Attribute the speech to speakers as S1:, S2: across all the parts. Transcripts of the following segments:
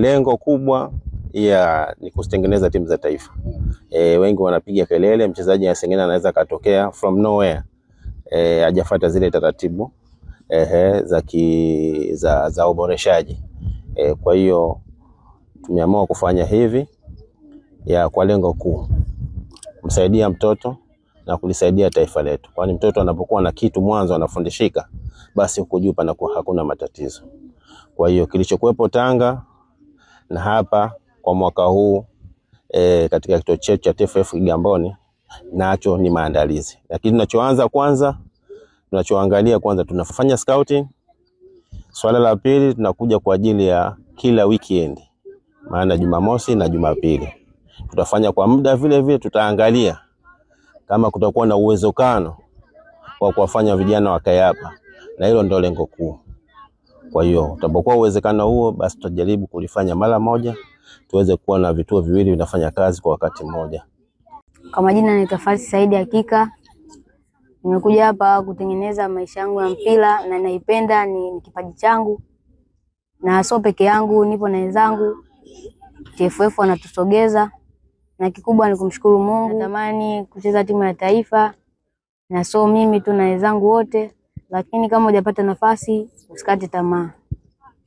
S1: Lengo kubwa ya ni kutengeneza timu za taifa. E, wengi wanapiga kelele mchezaji asengena anaweza akatokea from nowhere. E, hajafuata zile taratibu ehe za ki, za, za uboreshaji. E, kwa hiyo tumeamua kufanya hivi ya kwa lengo kuu msaidia mtoto na kulisaidia taifa letu, kwani mtoto anapokuwa na kitu mwanzo anafundishika, basi huko juu panakuwa hakuna matatizo. Kwa hiyo kilichokuwepo Tanga na hapa kwa mwaka huu e, katika kituo chetu cha TFF Kigamboni nacho ni maandalizi, lakini tunachoanza kwanza, tunachoangalia kwanza, tunafanya scouting. Swala la pili, tunakuja kwa ajili ya kila weekend, maana Jumamosi na Jumapili tutafanya kwa muda, vile vile tutaangalia kama kutakuwa na uwezekano wa kuwafanya vijana wakayapa, na hilo ndio lengo kuu. Kwa hiyo utapokuwa uwezekano huo, basi tutajaribu kulifanya mara moja, tuweze kuwa na vituo viwili vinafanya kazi kwa wakati mmoja.
S2: Kwa majina ni Tafasi Saidi Hakika. Nimekuja hapa kutengeneza maisha yangu ya mpira na naipenda, ni kipaji changu, na sio peke yangu, nipo na wenzangu. TFF wanatusogeza na kikubwa ni kumshukuru Mungu. Natamani kucheza timu ya taifa, na sio mimi tu, na wenzangu wote lakini kama hujapata nafasi usikate tamaa.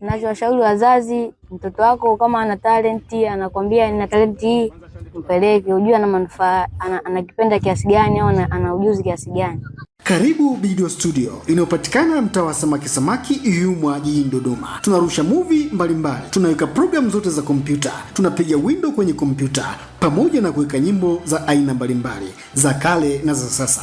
S2: Ninachowashauri wazazi, mtoto wako kama ana talenti, anakwambia nina talenti hii, mpeleke ujue ana manufaa, anakipenda kiasi gani au ana ujuzi kiasi gani.
S3: Karibu video studio inayopatikana mtaa wa samaki samaki Yumwa jijini Dodoma. Tunarusha movie mbalimbali, tunaweka programu zote za kompyuta, tunapiga window kwenye kompyuta pamoja na kuweka nyimbo za aina mbalimbali za kale na za sasa.